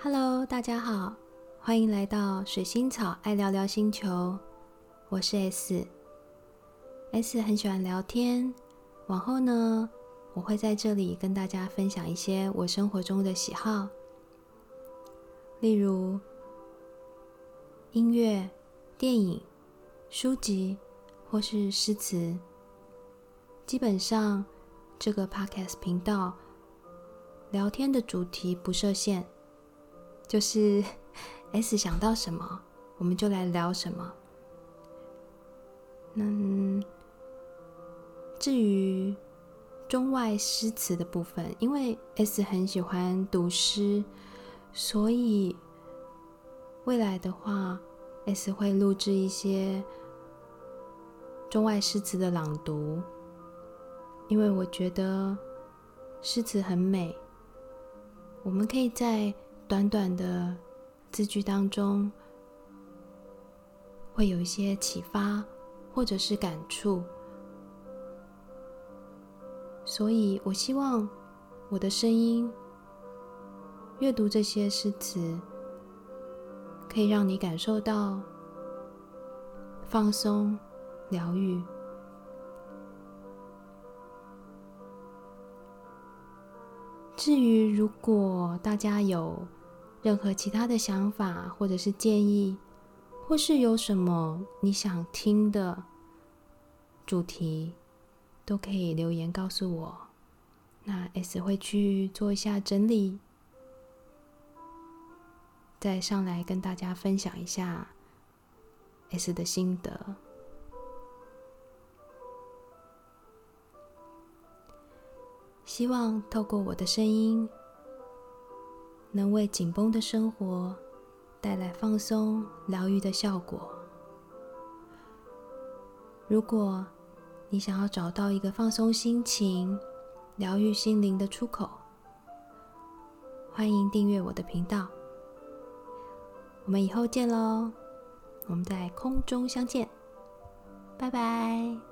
Hello，大家好，歡迎來到水星草愛聊聊星球。我是 S，S 很喜歡聊天。往後呢，我會在這裡跟大家分享一些我生活中的喜好，例如音樂、電影、書籍或是詩詞。基本上，這個 Podcast 頻道聊天的主題不設限。就是 S 想到什麼，我們就來聊什麼。嗯，至於中外詩詞的部分，因為 S 很喜歡讀詩，所以未來的話，S 會錄製一些中外詩詞的朗讀，因為我覺得詩詞很美，我們可以在短短的字句當中，會有一些啟發或者是感觸，所以我希望我的聲音、閱讀這些詩詞，可以讓你感受到放鬆、療癒。至於如果大家有，任何其他的想法，或者是建議，或是有什麼你想聽的主題，都可以留言告訴我。那 S 會去做一下整理，再上來跟大家分享一下 S 的心得。希望透過我的聲音。能為緊繃的生活帶來放鬆療癒的效果。如果你想要找到一個放鬆心情、療癒心靈的出口，歡迎訂閱我的頻道。我們以後見嘍！我們在空中相見，拜拜。